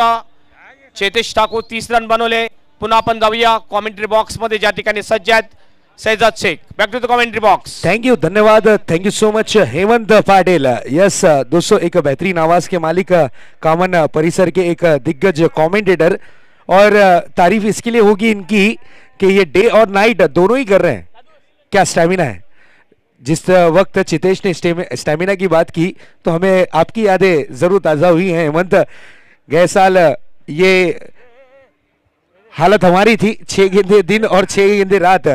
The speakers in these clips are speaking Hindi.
चेतेश ठाकुर तीस रन बनवले पुन्हा आपण जाऊया कॉमेंट्री बॉक्स मध्ये ज्या ठिकाणी सज्ज आहेत Sajjad Shaikh back to the commentary box thank you धन्यवाद thank you so much Hemant Patil yes दोस्तों एक बेहतरीन आवाज के मालिक कामन परिसर के एक दिग्गज कमेंटेटर और तारीफ इसके लिए होगी इनकी कि ये डे और नाइट दोनों ही कर रहे हैं क्या स्टैमिना है जिस वक्त चितेश ने स्टेमिना की बात की तो हमें आपकी यादें जरूर ताज़ा हुई हैं हेमंत गए साल ये हालत हमारी थी छह गेंदे दिन और छह गेंदे रात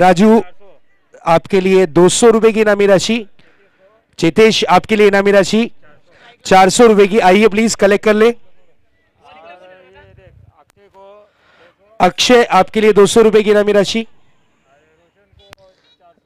राजू आपके लिए दो सौ रुपए की इनामी राशि चेतेश आपके लिए इनामी राशि चार सौ रुपए की आइए प्लीज कलेक्ट कर ले अक्षय आपके लिए दो सौ रुपए की इनामी राशि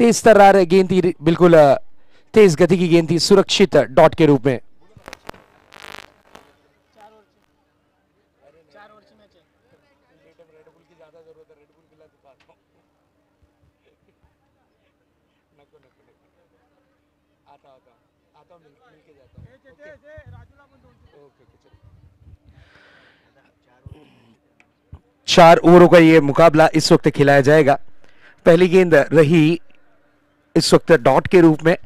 तेज तर्रार गेंद थी बिल्कुल तेज गति की गेंद थी सुरक्षित डॉट के रूप में चार ओवरों का ये मुकाबला इस वक्त खिलाया जाएगा पहली गेंद रही इस वक्त डॉट के रूप में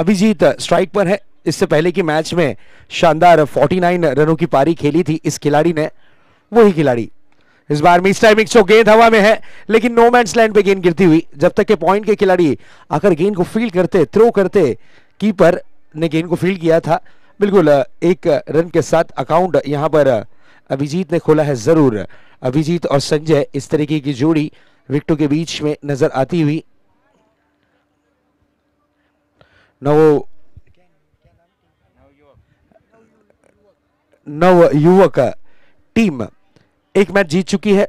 अभिजीत स्ट्राइक पर है इससे पहले की मैच में शानदार 49 रनों की पारी खेली थी इस खिलाड़ी ने वही खिलाड़ी इस बार मिस टाइम एक सौ गेंद हवा में है लेकिन नो मैं स्लैंड पे गेंद गिरती हुई जब तक के पॉइंट के खिलाड़ी आकर गेंद को फील्ड करते थ्रो करते कीपर ने गेंद को फील्ड किया था बिल्कुल एक रन के साथ अकाउंट यहां पर अभिजीत ने खोला है जरूर अभिजीत और संजय इस तरीके की जोड़ी विक्टो के बीच में नजर आती हुई नव युवक टीम एक मैच जीत चुकी है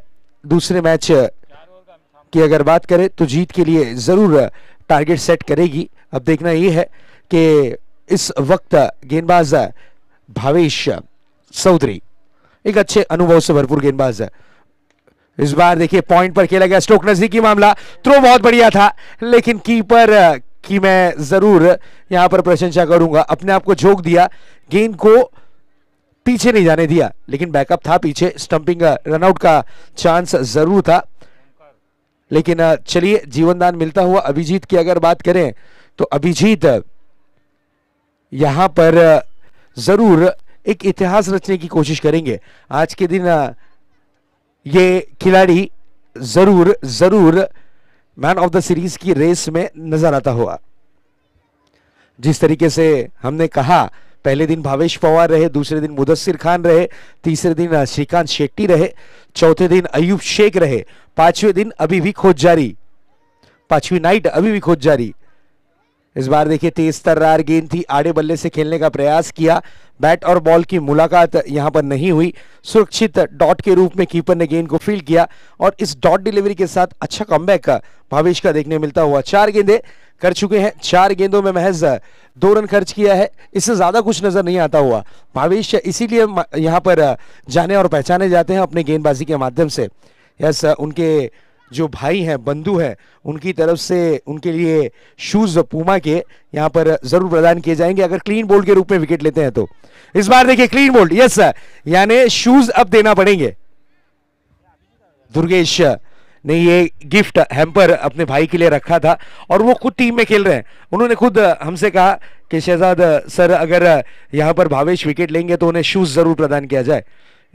दूसरे मैच की अगर बात करें तो जीत के लिए ज़रूर टारगेट सेट करेगी अब देखना यह है कि इस वक्त गेंदबाज भावेश चौधरी एक अच्छे अनुभव से भरपूर गेंदबाज इस बार देखिए पॉइंट पर खेला गया स्ट्रोक नजदीकी मामला थ्रो बहुत बढ़िया था लेकिन कीपर कि मैं ज़रूर यहां पर प्रशंसा करूंगा अपने आप को झोंक दिया गेंद को पीछे नहीं जाने दिया लेकिन बैकअप था पीछे स्टंपिंग रनआउट का चांस ज़रूर था लेकिन चलिए जीवनदान मिलता हुआ अभिजीत की अगर बात करें तो अभिजीत यहां पर ज़रूर एक इतिहास रचने की कोशिश करेंगे आज के दिन ये खिलाड़ी ज़रूर ज़रूर मैन ऑफ द सीरीज की रेस में नजर आता हुआ जिस तरीके से हमने कहा पहले दिन भावेश पवार रहे दूसरे दिन मुदस्सिर खान रहे तीसरे दिन श्रीकांत शेट्टी रहे चौथे दिन अयूब शेख रहे पांचवें दिन अभी भी खोज जारी पांचवी नाइट अभी भी खोज जारी इस बार देखिए तेज तर्रार गेंद थी आड़े बल्ले से खेलने का प्रयास किया बैट और बॉल की मुलाकात यहां पर नहीं हुई सुरक्षित डॉट के रूप में कीपर ने गेंद को फील किया और इस डॉट डिलीवरी के साथ अच्छा कम का भावेश का देखने मिलता हुआ चार गेंदे कर चुके हैं चार गेंदों में महज दो रन खर्च किया है इससे ज़्यादा कुछ नज़र नहीं आता हुआ भावेश इसीलिए यहाँ पर जाने और पहचाने जाते हैं अपने गेंदबाजी के माध्यम से यस उनके जो भाई हैं बंधु हैं उनकी तरफ से उनके लिए शूज़ पूमा के यहाँ पर ज़रूर प्रदान किए जाएंगे अगर क्लीन बोल्ड के रूप में विकेट लेते हैं तो इस बार देखिए क्लीन बोल्ड यस सर यानी शूज़ अब देना पड़ेंगे दुर्गेश ने ये गिफ्ट हैम्पर अपने भाई के लिए रखा था और वो खुद टीम में खेल रहे हैं उन्होंने खुद हमसे कहा कि शहजाद सर अगर यहाँ पर भावेश विकेट लेंगे तो उन्हें शूज़ ज़रूर प्रदान किया जाए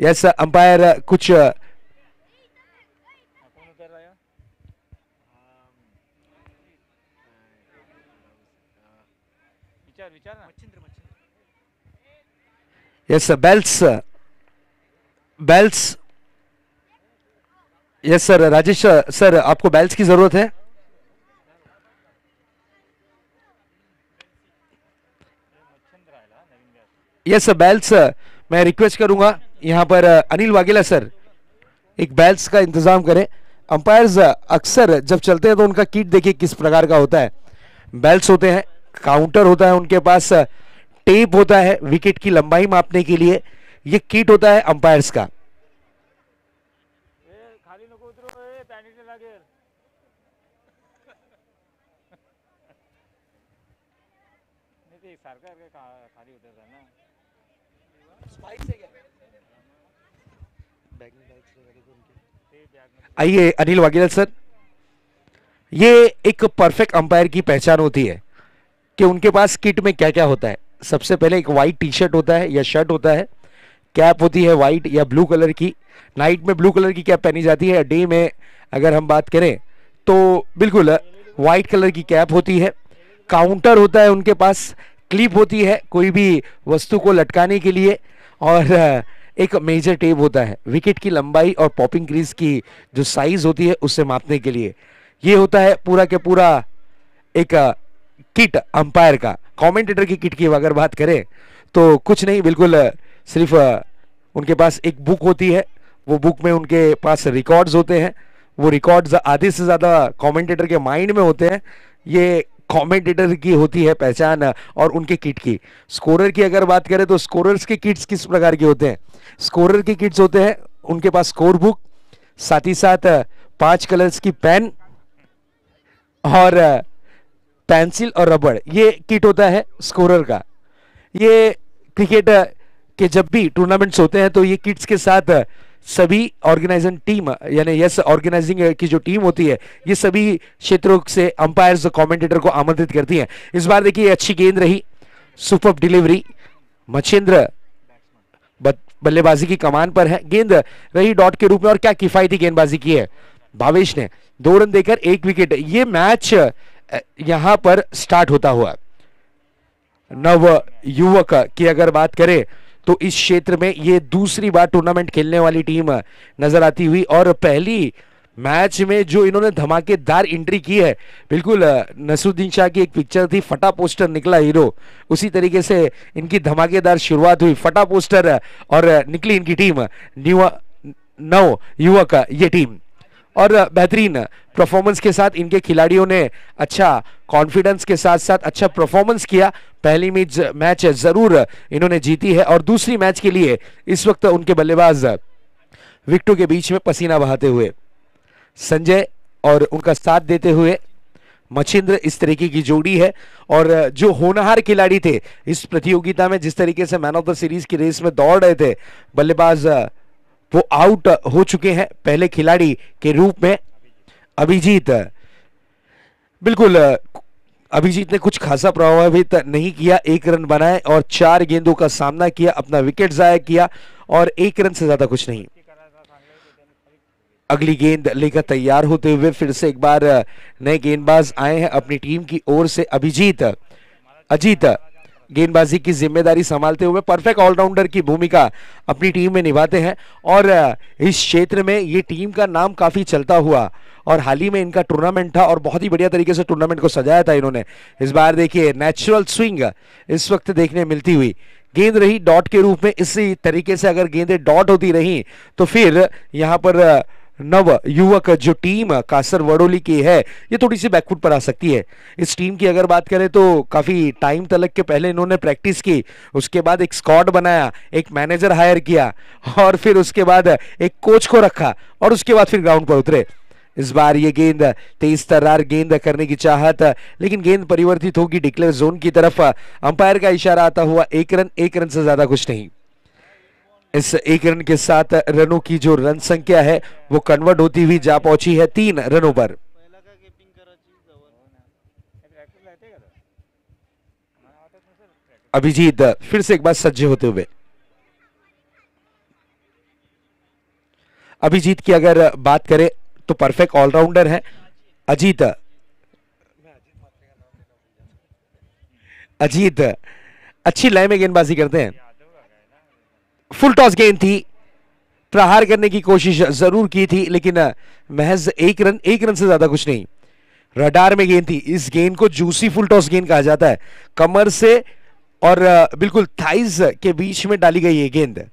यस अंपायर कुछ yes sir bells sir bells yes sir Rajesh sir आपको बैल्स की जरूरत है यस सर बेल्स मैं रिक्वेस्ट करूंगा यहां पर अनिल वाघेला सर एक बेल्स का इंतजाम करें अंपायर्स uh, अक्सर जब चलते हैं तो उनका किट देखिए किस प्रकार का होता है बेल्स होते हैं काउंटर होता है उनके पास टेप होता है विकेट की लंबाई मापने के लिए ये किट होता है अंपायर्स का तो आइए अनिल वागेला सर ये एक परफेक्ट अंपायर की पहचान होती है कि उनके पास किट में क्या क्या होता है सबसे पहले एक वाइट टी शर्ट होता है या शर्ट होता है कैप होती है वाइट या ब्लू कलर की नाइट में ब्लू कलर की कैप पहनी जाती है डे में अगर हम बात करें तो बिल्कुल वाइट कलर की कैप होती है काउंटर होता है उनके पास क्लिप होती है कोई भी वस्तु को लटकाने के लिए और एक मेजर टेप होता है विकेट की लंबाई और पॉपिंग क्रीज की जो साइज होती है उससे मापने के लिए ये होता है पूरा के पूरा एक किट अंपायर का कमेंटेटर की किट की अगर बात करें तो कुछ नहीं बिल्कुल सिर्फ उनके पास एक बुक होती है वो बुक में उनके पास रिकॉर्ड्स होते हैं वो रिकॉर्ड्स आधे से ज़्यादा कमेंटेटर के माइंड में होते हैं ये कमेंटेटर की होती है पहचान और उनके किट की स्कोरर की अगर बात करें तो स्कोरर्स के किट्स किस प्रकार के होते हैं स्कोरर के किट्स होते हैं उनके पास स्कोर बुक साथ ही साथ पांच कलर्स की पेन और पेंसिल और रबड़ ये किट होता है स्कोरर का ये क्रिकेट के जब भी टूर्नामेंट्स होते हैं तो ये किट्स के साथ सभी ऑर्गेनाइजिंग टीम यानी यस ऑर्गेनाइजिंग की जो टीम होती है ये सभी क्षेत्रों से अंपायर्स कमेंटेटर को आमंत्रित करती है इस बार देखिए अच्छी गेंद रही सुपर डिलीवरी मच्छेंद्र बल्लेबाजी की कमान पर है गेंद रही डॉट के रूप में और क्या किफायती गेंदबाजी की है भावेश ने दो रन देकर एक विकेट ये मैच यहां पर स्टार्ट होता हुआ नव युवक की अगर बात करें तो इस क्षेत्र में ये दूसरी बार टूर्नामेंट खेलने वाली टीम नजर आती हुई और पहली मैच में जो इन्होंने धमाकेदार एंट्री की है बिल्कुल नसरुद्दीन शाह की एक पिक्चर थी फटा पोस्टर निकला हीरो उसी तरीके से इनकी धमाकेदार शुरुआत हुई फटा पोस्टर और निकली इनकी टीम न्यू नौ युवक ये टीम और बेहतरीन परफॉर्मेंस के साथ इनके खिलाड़ियों ने अच्छा कॉन्फिडेंस के साथ साथ अच्छा परफॉर्मेंस किया पहली मैच मैच ज़रूर इन्होंने जीती है और दूसरी मैच के लिए इस वक्त उनके बल्लेबाज विकटों के बीच में पसीना बहाते हुए संजय और उनका साथ देते हुए मछिंद्र इस तरीके की जोड़ी है और जो होनहार खिलाड़ी थे इस प्रतियोगिता में जिस तरीके से मैन ऑफ द सीरीज की रेस में दौड़ रहे थे बल्लेबाज वो आउट हो चुके हैं पहले खिलाड़ी के रूप में अभिजीत बिल्कुल अभिजीत ने कुछ खासा प्रभावित नहीं किया एक रन बनाए और चार गेंदों का सामना किया अपना विकेट जाया किया और एक रन से ज्यादा कुछ नहीं अगली गेंद लेकर तैयार होते हुए फिर से एक बार नए गेंदबाज आए हैं अपनी टीम की ओर से अभिजीत अजीत गेंदबाजी की जिम्मेदारी संभालते हुए परफेक्ट ऑलराउंडर की भूमिका अपनी टीम में निभाते हैं और इस क्षेत्र में ये टीम का नाम काफ़ी चलता हुआ और हाल ही में इनका टूर्नामेंट था और बहुत ही बढ़िया तरीके से टूर्नामेंट को सजाया था इन्होंने इस बार देखिए नेचुरल स्विंग इस वक्त देखने मिलती हुई गेंद रही डॉट के रूप में इसी तरीके से अगर गेंदें डॉट होती रहीं तो फिर यहाँ पर नव युवक जो टीम कासर वडोली की है ये थोड़ी सी बैकफुट पर आ सकती है इस टीम की अगर बात करें तो काफ़ी टाइम तलक के पहले इन्होंने प्रैक्टिस की उसके बाद एक स्कॉड बनाया एक मैनेजर हायर किया और फिर उसके बाद एक कोच को रखा और उसके बाद फिर ग्राउंड पर उतरे इस बार ये गेंद तेज तर्रार गेंद करने की चाहत लेकिन गेंद परिवर्तित होगी डिक्लेयर जोन की तरफ अंपायर का इशारा आता हुआ एक रन एक रन से ज्यादा कुछ नहीं इस एक रन के साथ रनों की जो रन संख्या है वो कन्वर्ट होती हुई जा पहुंची है तीन रनों पर अभिजीत फिर से एक बार सज्जे होते हुए अभिजीत की अगर बात करें तो परफेक्ट ऑलराउंडर है अजीत अजीत अच्छी लय में गेंदबाजी करते हैं फुल टॉस गेंद थी प्रहार करने की कोशिश जरूर की थी लेकिन महज एक रन एक रन से ज्यादा कुछ नहीं रडार में गेंद थी इस गेंद को जूसी फुल टॉस गेंद कहा जाता है कमर से और बिल्कुल थाइज के बीच में डाली गई ये गेंद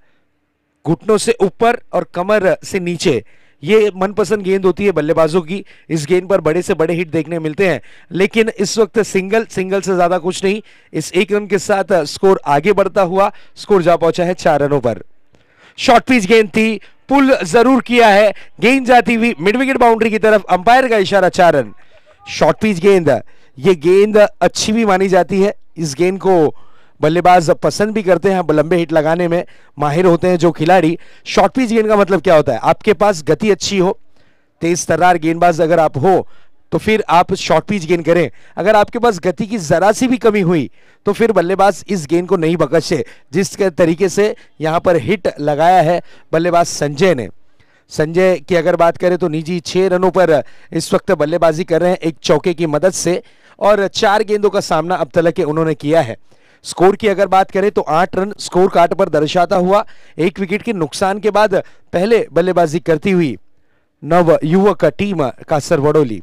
घुटनों से ऊपर और कमर से नीचे ये मनपसंद गेंद होती है बल्लेबाजों की इस गेंद पर बड़े से बड़े हिट देखने मिलते हैं लेकिन इस वक्त सिंगल सिंगल से ज़्यादा कुछ नहीं इस एक रन के साथ स्कोर आगे बढ़ता हुआ स्कोर जा पहुंचा है चार रनों पर शॉर्ट पिच गेंद थी पुल जरूर किया है गेंद जाती हुई मिड विकेट बाउंड्री की तरफ अंपायर का इशारा चार रन शॉर्ट पिच गेंद ये गेंद अच्छी भी मानी जाती है इस गेंद को बल्लेबाज पसंद भी करते हैं लंबे हिट लगाने में माहिर होते हैं जो खिलाड़ी शॉर्ट पिच गेंद का मतलब क्या होता है आपके पास गति अच्छी हो तेज तर्रार गेंदबाज अगर आप हो तो फिर आप शॉर्ट पिच गेंद करें अगर आपके पास गति की ज़रा सी भी कमी हुई तो फिर बल्लेबाज इस गेंद को नहीं बकशे जिस तरीके से यहाँ पर हिट लगाया है बल्लेबाज संजय ने संजय की अगर बात करें तो निजी छः रनों पर इस वक्त बल्लेबाजी कर रहे हैं एक चौके की मदद से और चार गेंदों का सामना अब तक के उन्होंने किया है स्कोर की अगर बात करें तो आठ रन स्कोर कार्ड पर दर्शाता हुआ एक विकेट के नुकसान के बाद पहले बल्लेबाजी करती हुई नव युवक टीम कासर वडोली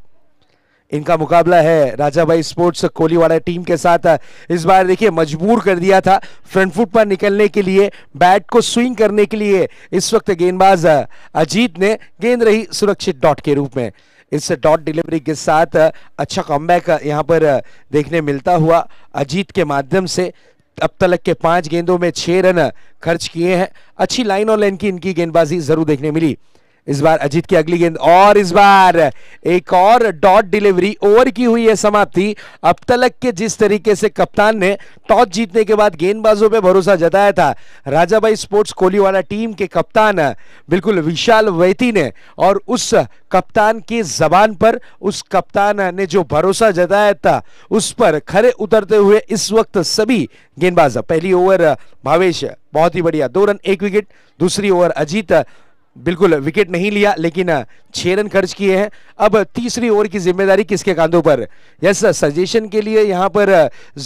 इनका मुकाबला है राजा भाई स्पोर्ट्स कोलीवाड़ा टीम के साथ इस बार देखिए मजबूर कर दिया था फ्रंट फुट पर निकलने के लिए बैट को स्विंग करने के लिए इस वक्त गेंदबाज अजीत ने गेंद रही सुरक्षित डॉट के रूप में इस डॉट डिलीवरी के साथ अच्छा कम यहाँ पर देखने मिलता हुआ अजीत के माध्यम से अब तक के पांच गेंदों में छह रन खर्च किए हैं अच्छी लाइन और लाइन की इनकी गेंदबाजी जरूर देखने मिली इस बार अजीत की अगली गेंद और इस बार एक और डॉट डिलीवरी ओवर की हुई है समाप्ति अब तलक के जिस तरीके से कप्तान ने टॉस जीतने के बाद गेंदबाजों पे भरोसा जताया था राजा भाई स्पोर्ट्स कोहली वाला टीम के कप्तान बिल्कुल विशाल वैती ने और उस कप्तान की जबान पर उस कप्तान ने जो भरोसा जताया था उस पर खरे उतरते हुए इस वक्त सभी गेंदबाज पहली ओवर भावेश बहुत ही बढ़िया दो रन एक विकेट दूसरी ओवर अजीत बिल्कुल विकेट नहीं लिया लेकिन छह रन खर्च किए हैं अब तीसरी ओवर की जिम्मेदारी किसके कांधों पर यस सजेशन के लिए यहां पर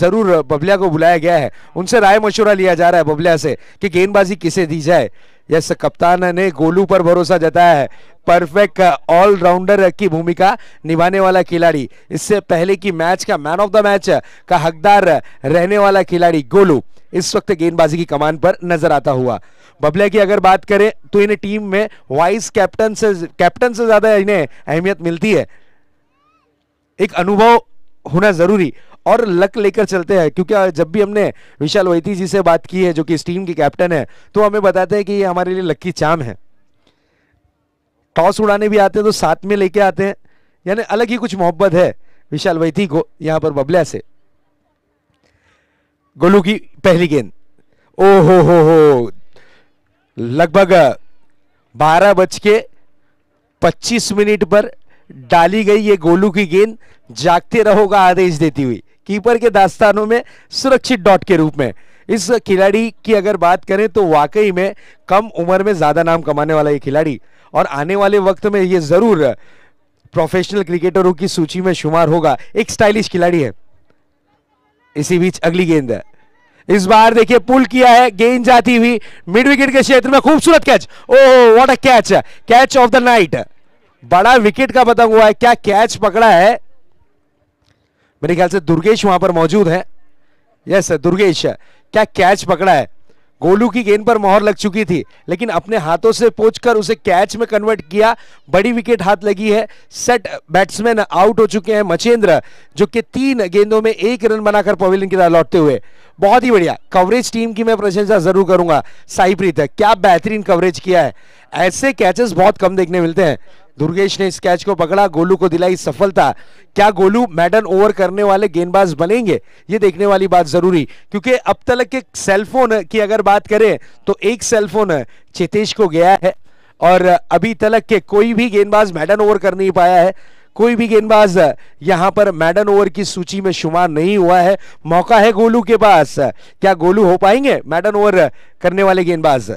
ज़रूर बबलिया को बुलाया गया है उनसे राय मशुरा लिया जा रहा है बबलिया से कि गेंदबाजी किसे दी जाए यस कप्तान ने गोलू पर भरोसा जताया है परफेक्ट ऑलराउंडर की भूमिका निभाने वाला खिलाड़ी इससे पहले की मैच का मैन ऑफ द मैच का हकदार रहने वाला खिलाड़ी गोलू इस वक्त गेंदबाजी की कमान पर नजर आता हुआ बबलिया की अगर बात करें तो इन्हें टीम में वाइस कैप्टन से कैप्टन से ज्यादा इन्हें अहमियत मिलती है एक अनुभव होना जरूरी और लक लेकर चलते हैं क्योंकि जब भी हमने विशाल वैती जी से बात की है जो कि इस टीम के कैप्टन है तो हमें बताते हैं कि ये हमारे लिए लक्की चाम है टॉस उड़ाने भी आते हैं तो साथ में लेके आते हैं यानी अलग ही कुछ मोहब्बत है विशाल वैती को यहां पर बबलिया से गोलू की पहली गेंद ओ हो हो हो लगभग बारह बज के पच्चीस मिनट पर डाली गई ये गोलू की गेंद जागते रहो का आदेश देती हुई कीपर के दास्तानों में सुरक्षित डॉट के रूप में इस खिलाड़ी की अगर बात करें तो वाकई में कम उम्र में ज़्यादा नाम कमाने वाला ये खिलाड़ी और आने वाले वक्त में ये ज़रूर प्रोफेशनल क्रिकेटरों की सूची में शुमार होगा एक स्टाइलिश खिलाड़ी है इसी बीच अगली गेंद है इस बार देखिए पुल किया है गेंद जाती हुई मिड विकेट के क्षेत्र में खूबसूरत catch oh what a catch catch of the night बड़ा विकेट का पतंग हुआ है क्या कैच पकड़ा है मेरे ख्याल से दुर्गेश वहां पर मौजूद है यस दुर्गेश क्या कैच पकड़ा है गोलू की गेंद पर मोहर लग चुकी थी लेकिन अपने हाथों से पोच उसे कैच में कन्वर्ट किया बड़ी विकेट हाथ लगी है सेट बैट्समैन आउट हो चुके हैं मचेंद्र जो कि तीन गेंदों में एक रन बनाकर पवेलियन की तरह लौटते हुए बहुत ही बढ़िया कवरेज टीम की मैं प्रशंसा जरूर करूंगा साईप्रीत है क्या बेहतरीन कवरेज किया है ऐसे कैचेस बहुत कम देखने मिलते हैं दुर्गेश ने इस कैच को पकड़ा गोलू को दिलाई सफलता क्या गोलू मैडन ओवर करने वाले गेंदबाज बनेंगे ये देखने वाली बात जरूरी क्योंकि अब तक के सेलफोन की अगर बात करें तो एक सेलफोन चेतेश को गया है और अभी तलक के कोई भी गेंदबाज मैडन ओवर कर नहीं पाया है कोई भी गेंदबाज यहां पर मैडन ओवर की सूची में शुमार नहीं हुआ है मौका है गोलू के पास क्या गोलू हो पाएंगे मैडन ओवर करने वाले गेंदबाज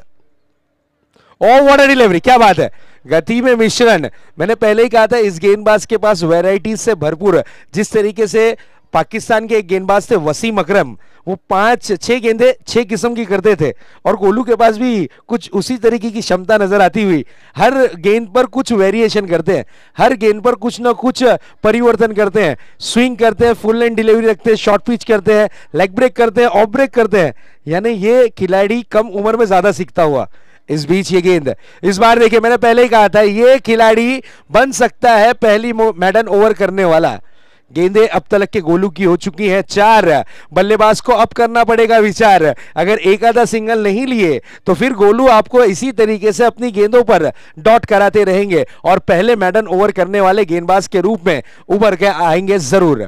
और वाटर डिलीवरी क्या बात है गति में मिश्रण मैंने पहले ही कहा था इस गेंदबाज के पास वेराइटी से भरपूर जिस तरीके से पाकिस्तान के एक गेंदबाज थे वसीम अकरम वो पांच छह गेंदे छह किस्म की करते थे और गोलू के पास भी कुछ उसी तरीके की क्षमता नजर आती हुई हर गेंद पर कुछ वेरिएशन करते हैं हर गेंद पर कुछ ना कुछ परिवर्तन करते हैं स्विंग करते हैं फुल एंड डिलीवरी रखते हैं शॉर्ट पिच करते हैं लेग ब्रेक करते हैं ऑफ ब्रेक करते हैं यानी ये खिलाड़ी कम उम्र में ज्यादा सीखता हुआ इस बीच ये गेंद इस बार देखिए मैंने पहले ही कहा था ये खिलाड़ी बन सकता है पहली मैडन ओवर करने वाला गेंदे अब तक के गोलू की हो चुकी हैं चार बल्लेबाज को अब करना पड़ेगा विचार अगर एक आधा सिंगल नहीं लिए तो फिर गोलू आपको इसी तरीके से अपनी गेंदों पर डॉट कराते रहेंगे और पहले मैडन ओवर करने वाले गेंदबाज के रूप में उभर के आएंगे जरूर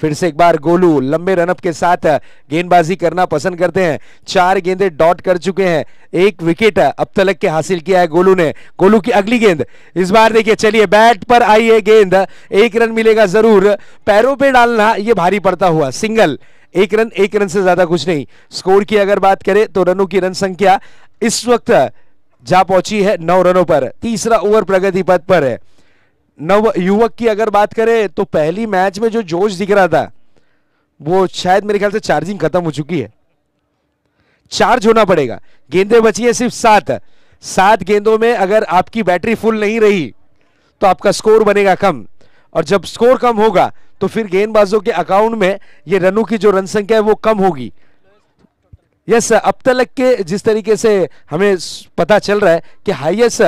फिर से एक बार गोलू लंबे रनअप के साथ गेंदबाजी करना पसंद करते हैं चार गेंदे डॉट कर चुके हैं एक विकेट अब तलक के हासिल किया है गोलू ने गोलू की अगली गेंद इस बार देखिए चलिए बैट पर आई है गेंद एक रन मिलेगा जरूर पैरों पे डालना ये भारी पड़ता हुआ सिंगल एक रन एक रन से ज्यादा कुछ नहीं स्कोर की अगर बात करें तो रनों की रन संख्या इस वक्त जा पहुंची है नौ रनों पर तीसरा ओवर प्रगति पथ पर है नव युवक की अगर बात करें तो पहली मैच में जो जोश दिख रहा था वो शायद मेरे ख्याल से चार्जिंग खत्म हो चुकी है चार्ज होना पड़ेगा गेंदें बची है सिर्फ सात सात गेंदों में अगर आपकी बैटरी फुल नहीं रही तो आपका स्कोर बनेगा कम और जब स्कोर कम होगा तो फिर गेंदबाजों के अकाउंट में ये रनों की जो रन संख्या है वो कम होगी यस अब तक के जिस तरीके से हमें पता चल रहा है कि हाइएस्ट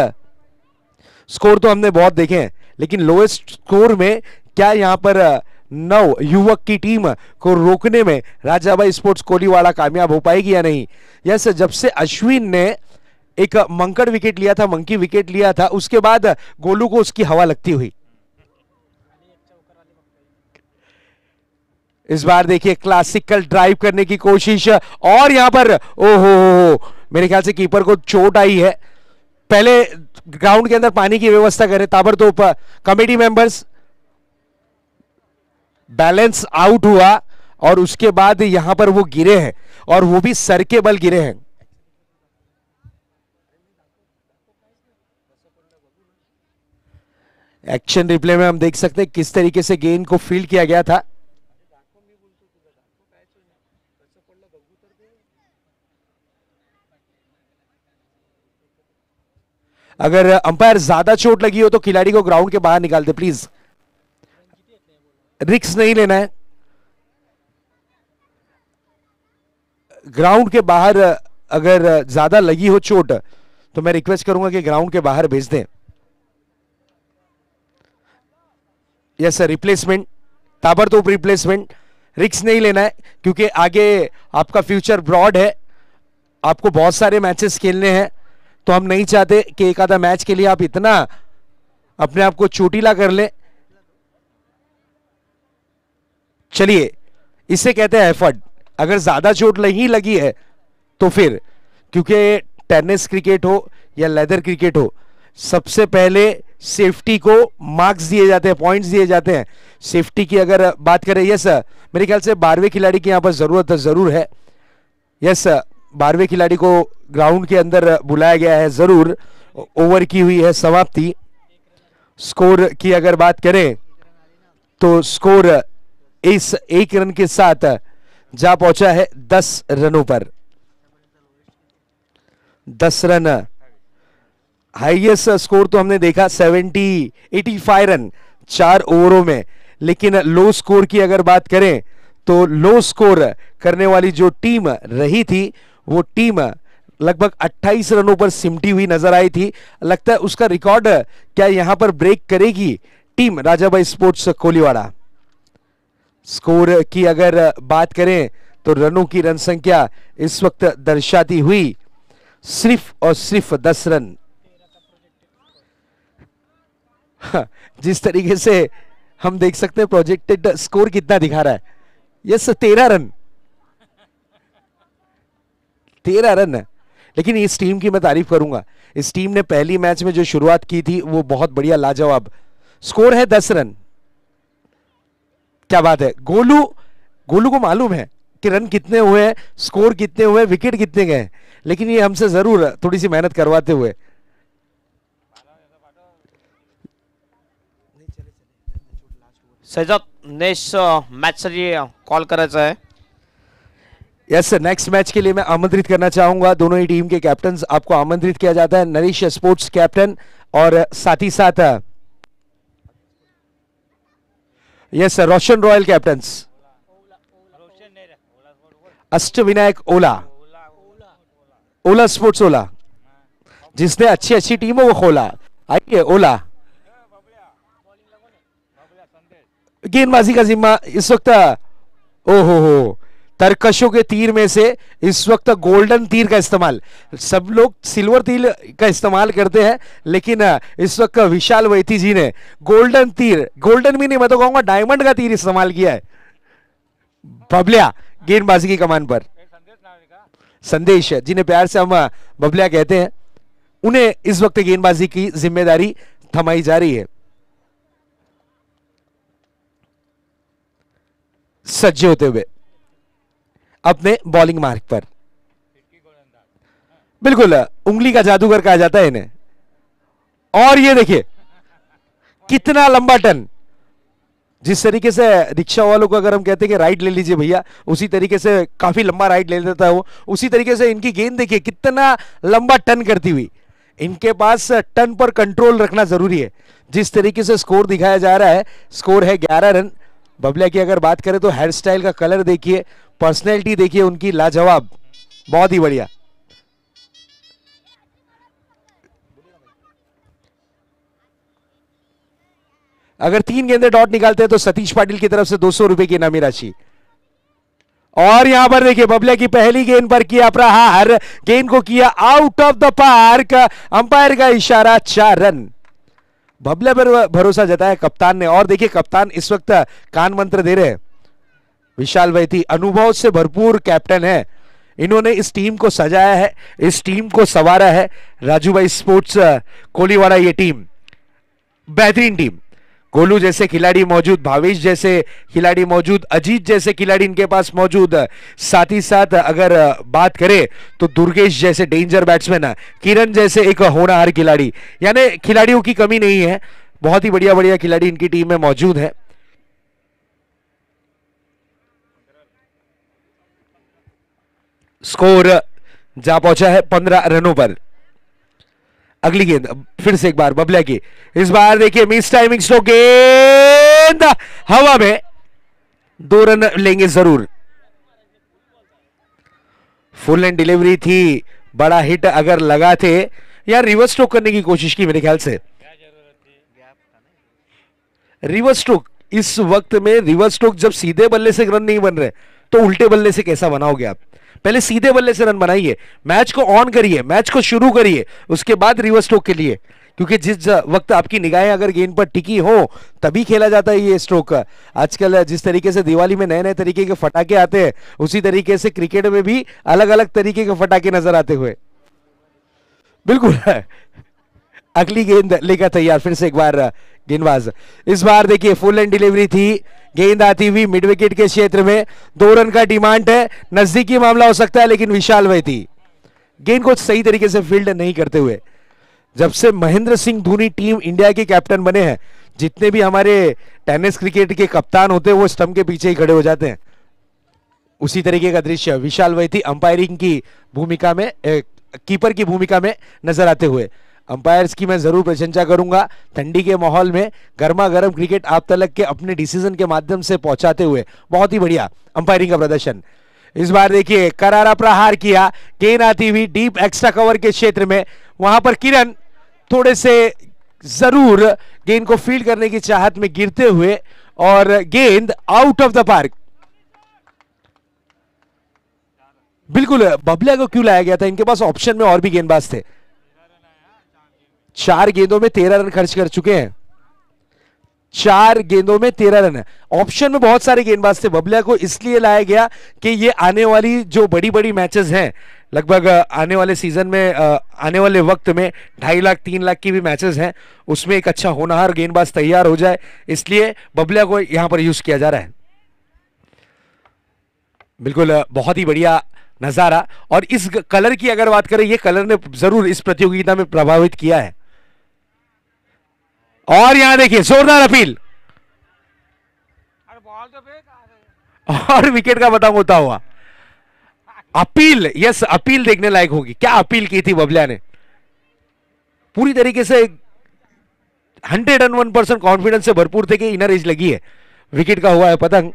स्कोर तो हमने बहुत देखे हैं लेकिन लोएस्ट स्कोर में क्या यहाँ पर नौ युवक की टीम को रोकने में राजा भाई स्पोर्ट्स कोलीवाड़ा कामयाब हो पाएगी या नहीं यस जब से अश्विन ने एक मंकड़ विकेट लिया था मंकी विकेट लिया था उसके बाद गोलू को उसकी हवा लगती हुई इस बार देखिए क्लासिकल ड्राइव करने की कोशिश और यहां पर ओहो मेरे ख्याल से कीपर को चोट आई है पहले ग्राउंड के अंदर पानी की व्यवस्था करें ताबड़तोप कमेटी मेंबर्स बैलेंस आउट हुआ और उसके बाद यहां पर वो गिरे हैं और वो भी सर के बल गिरे हैं एक्शन रिप्ले में हम देख सकते हैं किस तरीके से गेंद को फील्ड किया गया था अगर अंपायर ज्यादा चोट लगी हो तो खिलाड़ी को ग्राउंड के बाहर निकाल दे प्लीज रिक्स नहीं लेना है ग्राउंड के बाहर अगर ज्यादा लगी हो चोट तो मैं रिक्वेस्ट करूंगा कि ग्राउंड के बाहर भेज दें यस सर रिप्लेसमेंट तो रिप्लेसमेंट रिक्स नहीं लेना है क्योंकि आगे आपका फ्यूचर ब्रॉड है आपको बहुत सारे मैचेस खेलने हैं तो हम नहीं चाहते कि एक आधा मैच के लिए आप इतना अपने आप को चोटीला कर लें चलिए इसे कहते हैं एफर्ट अगर ज़्यादा चोट नहीं लगी है तो फिर क्योंकि टेनिस क्रिकेट हो या लेदर क्रिकेट हो सबसे पहले सेफ्टी को मार्क्स दिए जाते हैं पॉइंट्स दिए जाते हैं सेफ्टी की अगर बात करें यस सर मेरे ख्याल से बारहवें खिलाड़ी की यहां पर ज़रूरत ज़रूर है यस सर बारहवें खिलाड़ी को ग्राउंड के अंदर बुलाया गया है जरूर ओवर की हुई है समाप्ति स्कोर की अगर बात करें तो स्कोर इस एक रन के साथ जा पहुंचा है दस रनों पर दस रन हाईएस्ट स्कोर तो हमने देखा सेवेंटी एटी फाइव रन चार ओवरों में लेकिन लो स्कोर की अगर बात करें तो लो स्कोर करने वाली जो टीम रही थी वो टीम लगभग 28 रनों पर सिमटी हुई नजर आई थी लगता है उसका रिकॉर्ड क्या यहां पर ब्रेक करेगी team Raja Bhai sports Koliwada score की अगर बात करें तो रनों की रन संख्या इस वक्त दर्शाती हुई सिर्फ और सिर्फ दस रन हाँ, जिस तरीके से हम देख सकते हैं प्रोजेक्टेड स्कोर कितना दिखा रहा है यस तेरह रन तेरह रन है लेकिन इस टीम की मैं तारीफ करूंगा इस टीम ने पहली मैच में जो शुरुआत की थी वो बहुत बढ़िया लाजवाब स्कोर है दस रन क्या बात है गोलू गोलू को मालूम है कि रन कितने हुए स्कोर कितने हुए विकेट कितने गए लेकिन ये हमसे जरूर थोड़ी सी मेहनत करवाते हुए सैजाद नेक्स्ट मैच से कॉल करायचा यस सर नेक्स्ट मैच के लिए मैं आमंत्रित करना चाहूंगा दोनों ही टीम के कैप्टन आपको आमंत्रित किया जाता है नरेश स्पोर्ट्स कैप्टन और साथ ही साथ yes sir Roshan royal captain Ashtavinayak ओला ओला स्पोर्ट्स ओला जिसने अच्छी अच्छी टीम हो वो खोला आइए ओला गेंदबाजी का जिम्मा इस वक्त ओहो हो हो तरकशों के तीर में से इस वक्त गोल्डन तीर का इस्तेमाल सब लोग सिल्वर तीर का इस्तेमाल करते हैं लेकिन इस वक्त विशाल वैती जी ने गोल्डन तीर गोल्डन भी नहीं मैं तो कहूंगा डायमंड का तीर इस्तेमाल किया है बबलिया गेंदबाजी की कमान पर संदेश जिन्हें प्यार से हम बबलिया कहते हैं उन्हें इस वक्त गेंदबाजी की जिम्मेदारी थमाई जा रही है सज्जे होते हुए अपने बॉलिंग मार्ग पर बिल्कुल उंगली का जादूगर कहा जाता है इन्हें और ये देखिए कितना लंबा टन जिस तरीके से रिक्शा वालों को अगर हम कहते हैं कि राइट ले लीजिए भैया उसी तरीके से काफी लंबा राइट ले लेता है वो उसी तरीके से इनकी गेंद देखिए कितना लंबा टर्न करती हुई इनके पास टर्न पर कंट्रोल रखना जरूरी है जिस तरीके से स्कोर दिखाया जा रहा है स्कोर है ग्यारह रन बबलिया की अगर बात करें तो हेयर स्टाइल का कलर देखिए पर्सनैलिटी देखिए उनकी लाजवाब बहुत ही बढ़िया अगर तीन गेंदे डॉट निकालते हैं तो सतीश पाटिल की तरफ से दो सौ रुपए की इनामी राशि और यहां पर देखिए बबलिया की पहली गेंद पर किया प्रहार गेंद को किया out of the park umpire का इशारा चार रन बबलिया पर भरोसा जताया कप्तान ने और देखिए कप्तान इस वक्त कान मंत्र दे रहे हैं विशाल थी अनुभव से भरपूर कैप्टन है इन्होंने इस टीम को सजाया है इस टीम को सवारा है राजू भाई स्पोर्ट्स कोलीवाड़ा ये टीम बेहतरीन टीम गोलू जैसे खिलाड़ी मौजूद भावेश जैसे खिलाड़ी मौजूद अजीत जैसे खिलाड़ी इनके पास मौजूद साथ ही साथ अगर बात करें तो दुर्गेश जैसे डेंजर बैट्समैन किरण जैसे एक होनहार खिलाड़ी यानी खिलाड़ियों की कमी नहीं है बहुत ही बढ़िया बढ़िया खिलाड़ी इनकी टीम में मौजूद है स्कोर जा पहुंचा है पंद्रह रनों पर अगली गेंद फिर से एक बार बबलिया की इस बार देखिए मिस टाइमिंग तो गेंद हवा में दो रन लेंगे जरूर फुल एंड डिलीवरी थी बड़ा हिट अगर लगा थे या रिवर्स स्ट्रोक करने की कोशिश की मेरे ख्याल से रिवर्स स्ट्रोक इस वक्त में रिवर्स स्ट्रोक जब सीधे बल्ले से रन नहीं बन रहे तो उल्टे बल्ले से कैसा बनाओगे आप पहले सीधे बल्ले से रन बनाइए मैच को ऑन करिए मैच को शुरू करिए उसके बाद रिवर्स स्ट्रोक के लिए क्योंकि जिस वक्त आपकी निगाहें अगर गेंद पर टिकी हो तभी खेला जाता है ये स्ट्रोक आजकल जिस तरीके से दिवाली में नए नए तरीके के फटाके आते हैं उसी तरीके से क्रिकेट में भी अलग अलग तरीके के फटाके नजर आते हुए बिल्कुल अगली गेंद लेकर तैयार फिर से एक बार गेंदबाज इस बार देखिए फुल एंड डिलीवरी थी गेंद आती हुई मिड विकेट के क्षेत्र में दो रन का डिमांड है नजदीकी मामला हो सकता है लेकिन विशाल वह थी गेंद को सही तरीके से फील्ड नहीं करते हुए जब से महेंद्र सिंह धोनी टीम इंडिया के कैप्टन बने हैं जितने भी हमारे टेनिस क्रिकेट के कप्तान होते हैं वो स्टम्प के पीछे ही खड़े हो जाते हैं उसी तरीके का दृश्य विशाल वैथी अंपायरिंग की भूमिका में ए, कीपर की भूमिका में नजर आते हुए अंपायर्स की मैं ज़रूर प्रशंसा करूंगा ठंडी के माहौल में गर्मा गर्म क्रिकेट आप तलक के अपने डिसीजन के माध्यम से पहुंचाते हुए बहुत ही बढ़िया अंपायरिंग का प्रदर्शन इस बार देखिए करारा प्रहार किया गेंद आती हुई डीप एक्स्ट्रा कवर के क्षेत्र में वहां पर किरण थोड़े से जरूर गेंद को फील्ड करने की चाहत में गिरते हुए और गेंद आउट ऑफ द पार्क बिल्कुल बबला को क्यों लाया गया था इनके पास ऑप्शन में और भी गेंदबाज थे चार गेंदों में तेरह रन खर्च कर चुके हैं चार गेंदों में तेरह रन है ऑप्शन में बहुत सारे गेंदबाज थे बबलिया को इसलिए लाया गया कि ये आने वाली जो बड़ी बड़ी मैचेस हैं लगभग आने वाले सीजन में आने वाले वक्त में ढाई लाख तीन लाख की भी मैचेस हैं उसमें एक अच्छा होनहार गेंदबाज तैयार हो जाए इसलिए बबलिया को यहां पर यूज किया जा रहा है बिल्कुल बहुत ही बढ़िया नज़ारा और इस कलर की अगर बात करें ये कलर ने ज़रूर इस प्रतियोगिता में प्रभावित किया है और यहां देखिए जोरदार अपील तो और विकेट का बता होता हुआ अपील यस अपील देखने लायक होगी क्या अपील की थी बबलिया ने पूरी तरीके से hundred and one percent confidence से भरपूर थे कि इनर एज लगी है विकेट का हुआ है पतंग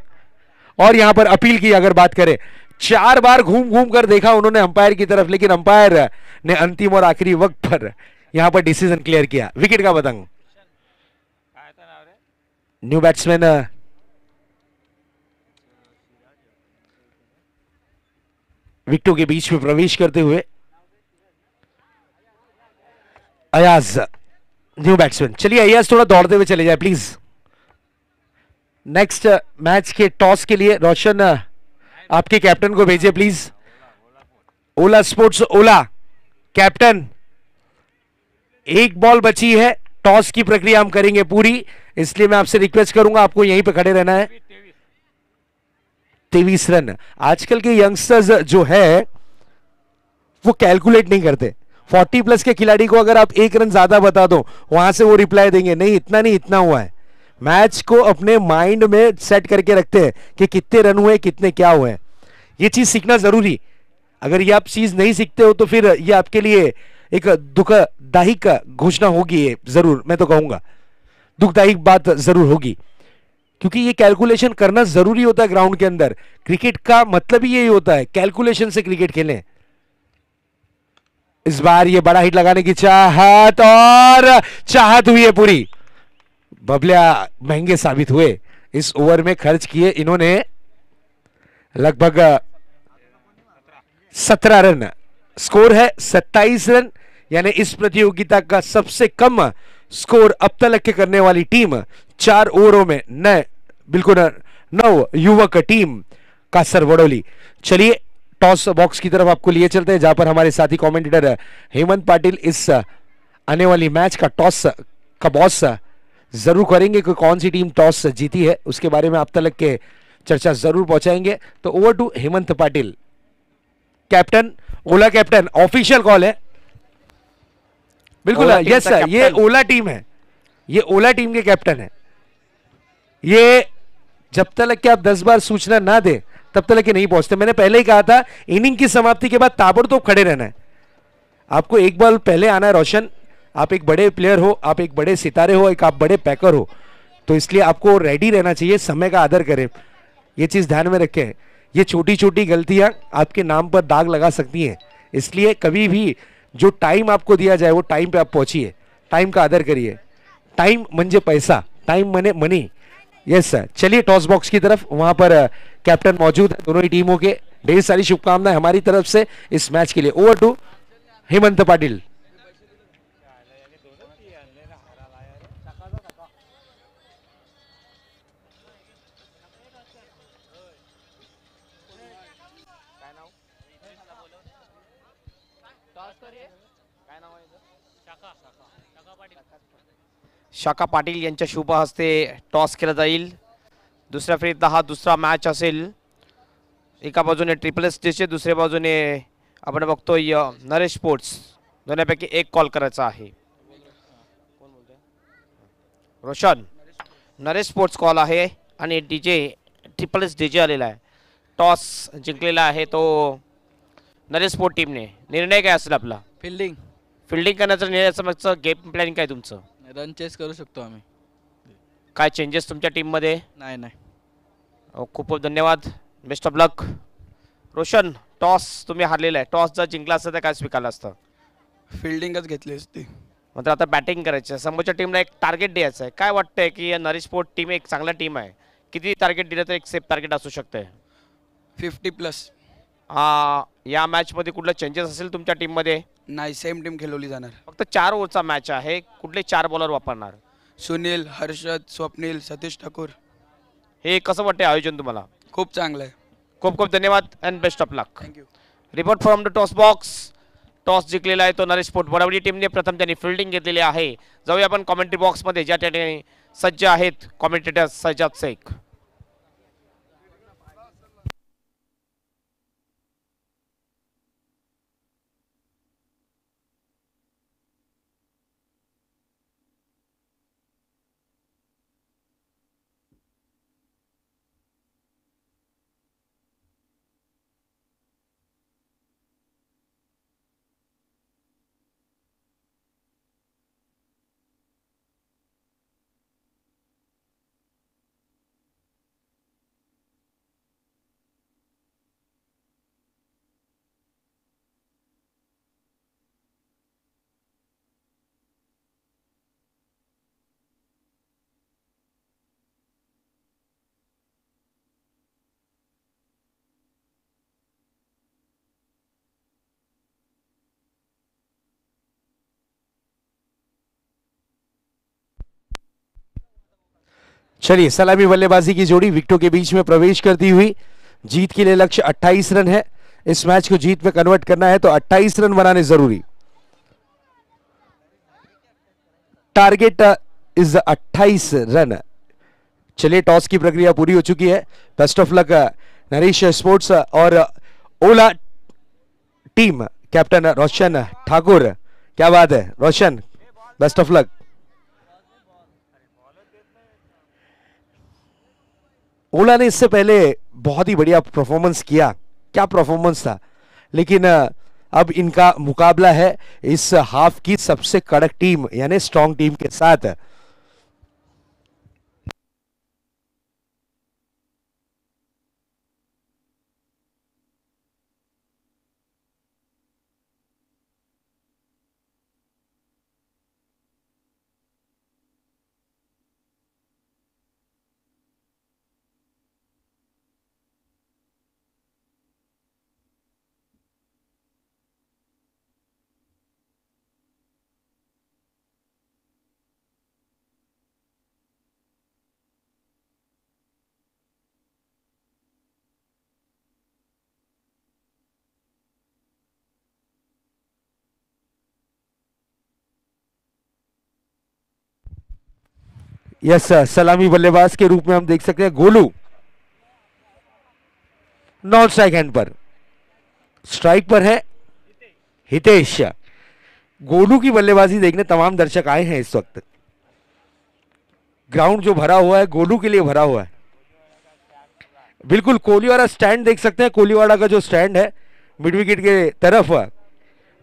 और यहां पर अपील की अगर बात करें चार बार घूम घूम कर देखा उन्होंने अंपायर की तरफ लेकिन अंपायर ने अंतिम और आखिरी वक्त पर यहां पर डिसीजन क्लियर किया विकेट का पतंग न्यू बैट्समैन विकटों के बीच में प्रवेश करते हुए अयाज न्यू बैट्समैन चलिए अयाज थोड़ा दौड़ते हुए चले जाए प्लीज नेक्स्ट मैच के टॉस के लिए रोशन uh, आपके कैप्टन को भेजे please Ola sports Ola captain एक बॉल बची है टॉस की प्रक्रिया हम करेंगे पूरी इसलिए मैं आपसे रिक्वेस्ट करूंगा आपको यहीं पे खड़े रहना है तेवीस रन आजकल के यंगस्टर्स जो है वो कैलकुलेट नहीं करते 40 प्लस के खिलाड़ी को अगर आप एक रन ज्यादा बता दो वहां से वो रिप्लाई देंगे नहीं इतना नहीं इतना हुआ है मैच को अपने माइंड में सेट करके रखते हैं कि कितने रन हुए कितने क्या हुए ये चीज सीखना जरूरी अगर ये आप चीज नहीं सीखते हो तो फिर ये आपके लिए एक दुख दुखदायी का घोषणा होगी ये जरूर मैं तो कहूंगा दुखदायी बात जरूर होगी क्योंकि ये कैलकुलेशन करना जरूरी होता है ग्राउंड के अंदर क्रिकेट का मतलब ही यही होता है कैलकुलेशन से क्रिकेट खेलें इस बार ये बड़ा हिट लगाने की चाहत और चाहत हुई है पूरी बबलिया महंगे साबित हुए इस ओवर में खर्च किए इन्होंने लगभग सत्रह रन स्कोर है सत्ताईस रन यानी इस प्रतियोगिता का सबसे कम स्कोर अब तक के करने वाली टीम चार ओवरों में न बिल्कुल नव युवक टीम का सर वडोली चलिए टॉस बॉक्स की तरफ आपको लिए चलते हैं जहां पर हमारे साथी कमेंटेटर हेमंत पाटिल इस आने वाली मैच का टॉस का बॉस जरूर करेंगे कि कौन सी टीम टॉस जीती है उसके बारे में आप तलक के चर्चा जरूर पहुंचाएंगे तो over to Hemant Patil captain Ola captain official call है बिल्कुल यस सर ये ओला टीम है ये ओला टीम के कैप्टन है ये जब तक कि आप दस बार सूचना ना दे तब तक नहीं पहुंचते मैंने पहले ही कहा था इनिंग की समाप्ति के बाद तो खड़े रहना है आपको एक बॉल पहले आना है रोशन आप एक बड़े प्लेयर हो आप एक बड़े सितारे हो एक आप बड़े पैकर हो तो इसलिए आपको रेडी रहना चाहिए समय का आदर करें ये चीज़ ध्यान में रखें ये छोटी छोटी गलतियां आपके नाम पर दाग लगा सकती हैं इसलिए कभी भी जो टाइम आपको दिया जाए वो टाइम पे आप पहुंचिए टाइम का आदर करिए टाइम मंजे पैसा टाइम मने मनी यस सर चलिए टॉस बॉक्स की तरफ वहां पर कैप्टन uh, मौजूद है दोनों ही टीमों के ढेर सारी शुभकामनाएं हमारी तरफ से इस मैच के लिए ओवर टू हेमंत पाटिल शाखा पाटील यांच्या शुभ हस्ते टॉस केला जाईल दुसऱ्या फेरीत हा दुसरा मॅच असेल एका बाजूने ट्रिपल एस टीचे दुसऱ्या बाजूने आपण बघतोय नरेश स्पोर्ट्स दोन्हीपैकी एक कॉल करायचा आहे रोशन नरेश स्पोर्ट्स कॉल आहे आणि D J triple S D J आलेला आहे टॉस जिंकलेला आहे तो नरेश स्पोर्ट टीमने निर्णय काय असेल आपला फिल्डिंग फिल्डिंग करण्याचा निर्णय समज गेम प्लॅनिंग काय तुमचं रन चेस करू शकतो आम्ही काय चेंजेस तुमच्या टीममध्ये नाही नाही खूप खूप धन्यवाद best of luck Roshan toss तुम्ही हारलेला आहे टॉस जर जिंकला असतं तर काय स्वीकारलं असतं फिल्डिंगच घेतली असती मात्र आता बॅटिंग करायचं आहे. समोरच्या टीमला एक टार्गेट द्यायचं आहे काय वाटतंय की या टीम एक चांगला टीम आहे किती टार्गेट दिलं तर एक सेफ टार्गेट असू शकते फिफ्टी प्लस हा या मॅचमध्ये कुठलं चेंजेस असेल तुमच्या टीममध्ये नाही सेम टीम खेळवली जाणार फक्त चार ओव्हरचा मॅच आहे कुठले चार बॉलर वापरणार सुनील हर्षद स्वप्नील सतीश ठाकूर हे कसं वाटते आयोजन तुम्हाला खूप चांगलं आहे खूप खूप धन्यवाद and best of luck thank you report from the toss box toss जिंकलेला आहे तो नरेश पोट बडावडी टीमने प्रथम त्यांनी फिल्डिंग घेतलेली आहे जाऊया आपण कॉमेंट्री बॉक्समध्ये ज्या ठिकाणी सज्ज आहेत कॉमेंटेटर सज्जाद शेख चलिए सलामी बल्लेबाजी की जोड़ी विकटों के बीच में प्रवेश करती हुई जीत के लिए लक्ष्य अट्ठाईस रन है इस मैच को जीत में कन्वर्ट करना है तो अट्ठाईस रन बनाने जरूरी टारगेट इज अट्ठाईस रन चलिए टॉस की प्रक्रिया पूरी हो चुकी है best of luck Naresh sports और ओला टीम कैप्टन रोशन ठाकुर क्या बात है Roshan best of luck Ola ने इससे पहले बहुत ही बढ़िया परफॉर्मेंस किया क्या परफॉर्मेंस था लेकिन अब इनका मुकाबला है इस हाफ की सबसे कड़क टीम यानी स्ट्रांग टीम के साथ यस सर सलामी बल्लेबाज के रूप में हम देख सकते हैं गोलू नॉन स्ट्राइक हैंड पर स्ट्राइक पर है हितेश गोलू की बल्लेबाजी देखने तमाम दर्शक आए हैं इस वक्त ग्राउंड जो भरा हुआ है गोलू के लिए भरा हुआ है बिल्कुल कोलीवाड़ा स्टैंड देख सकते हैं कोलीवाड़ा का जो स्टैंड है मिड विकेट के तरफ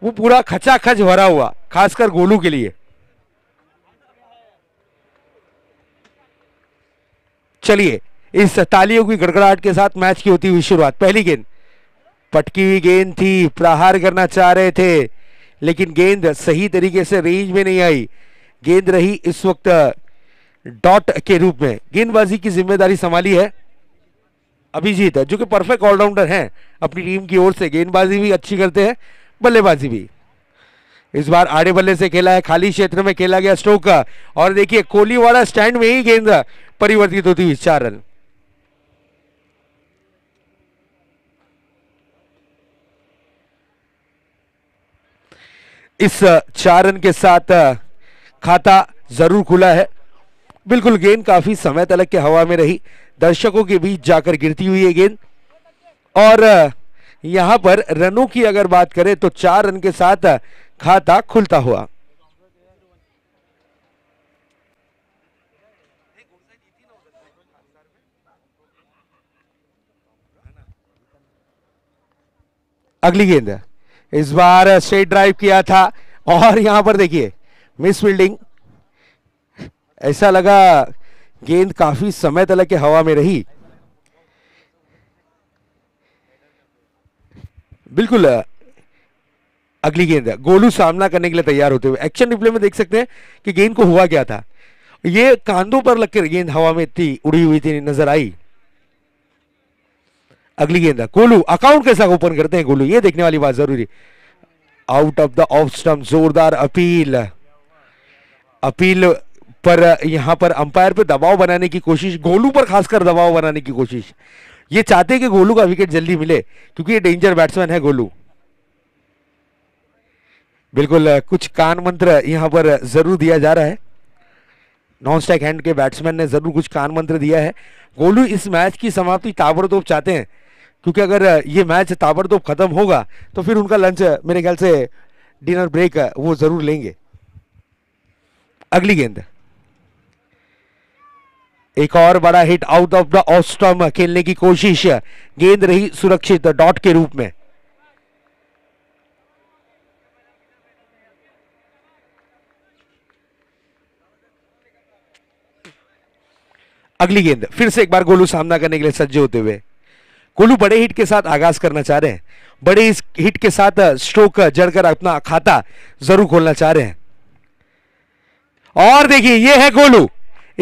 वो पूरा खचाखच भरा हुआ खासकर गोलू के लिए चलिए इस तालियों की गड़गड़ाहट के साथ मैच की होती हुई शुरुआत पहली गेंद पटकी हुई गेंद थी प्रहार करना चाह रहे थे लेकिन गेंद सही तरीके से रेंज में नहीं आई गेंद रही इस वक्त डॉट के रूप में गेंदबाजी की जिम्मेदारी संभाली है अभिजीत जो कि परफेक्ट ऑलराउंडर हैं अपनी टीम की ओर से गेंदबाजी भी अच्छी करते हैं बल्लेबाजी भी इस बार आड़े बल्ले से खेला है खाली क्षेत्र में खेला गया स्ट्रोक का और देखिए वाला स्टैंड में ही गेंद परिवर्तित होती हुई चार रन इस चार रन के साथ खाता जरूर खुला है बिल्कुल गेंद काफी समय तलक के हवा में रही दर्शकों के बीच जाकर गिरती हुई है गेंद और यहां पर रनों की अगर बात करें तो चार रन के साथ खाता खुलता हुआ अगली गेंद इस बार स्ट्रेट ड्राइव किया था और यहां पर देखिए मिस फील्डिंग ऐसा लगा गेंद काफी समय तक के हवा में रही बिल्कुल अगली गेंद गोलू सामना करने के लिए तैयार होते हुए एक्शन रिप्ले में देख सकते हैं कि गेंद को हुआ क्या था ये कांधों पर लगकर गेंद हवा में थी उड़ी हुई थी नजर आई अगली गेंद गोलू अकाउंट कैसा ओपन करते हैं गोलू ये देखने वाली बात जरूरी out of the off stump जोरदार अपील अपील पर यहां पर अंपायर पर दबाव बनाने की कोशिश गोलू पर खासकर दबाव बनाने की कोशिश ये चाहते हैं कि गोलू का विकेट जल्दी मिले क्योंकि ये डेंजर बैट्समैन है गोलू बिल्कुल कुछ कान मंत्र यहाँ पर जरूर दिया जा रहा है नॉन स्टैक हैंड के बैट्समैन ने जरूर कुछ कान मंत्र दिया है गोलू इस मैच की समाप्ति ताबड़तोप चाहते हैं क्योंकि अगर ये मैच ताबड़तोप खत्म होगा तो फिर उनका लंच मेरे ख्याल से डिनर ब्रेक वो जरूर लेंगे अगली गेंद एक और बड़ा हिट आउट ऑफ द ऑस्टम खेलने की कोशिश गेंद रही सुरक्षित डॉट के रूप में अगली गेंद फिर से एक बार गोलू सामना करने के लिए सज्ज होते हुए गोलू बड़े हिट के साथ आगाज करना चाह रहे हैं बड़े इस हिट के साथ स्ट्रोक जड़कर अपना खाता जरूर खोलना चाह रहे हैं और देखिए यह है गोलू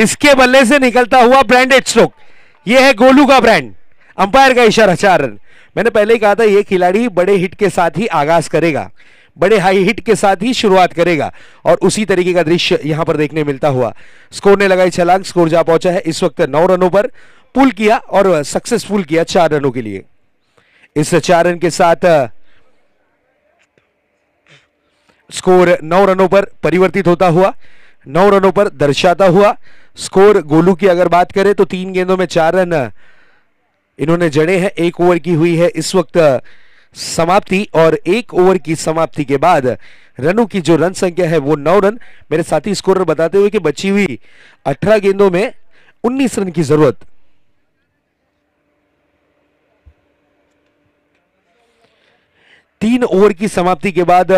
इसके बल्ले से निकलता हुआ ब्रांडेड स्ट्रोक ये है गोलू का ब्रांड अंपायर का इशारा चार मैंने पहले ही कहा था यह खिलाड़ी बड़े हिट के साथ ही आगाज करेगा बड़े हाई हिट के साथ ही शुरुआत करेगा और उसी तरीके का दृश्य यहां पर देखने मिलता हुआ स्कोर ने लगाई छलांग स्कोर जा पहुंचा है इस वक्त नौ रनों पर पुल किया और सक्सेसफुल किया चार रनों के लिए इस चार रन के साथ स्कोर नौ रनों पर परिवर्तित होता हुआ नौ रनों पर दर्शाता हुआ स्कोर गोलू की अगर बात करें तो तीन गेंदों में चार रन इन्होंने जड़े हैं एक ओवर की हुई है इस वक्त समाप्ति और एक ओवर की समाप्ति के बाद रनों की जो रन संख्या है वो नौ रन मेरे साथी स्कोरर बताते हुए कि बची हुई अठारह गेंदों में उन्नीस रन की जरूरत तीन ओवर की समाप्ति के बाद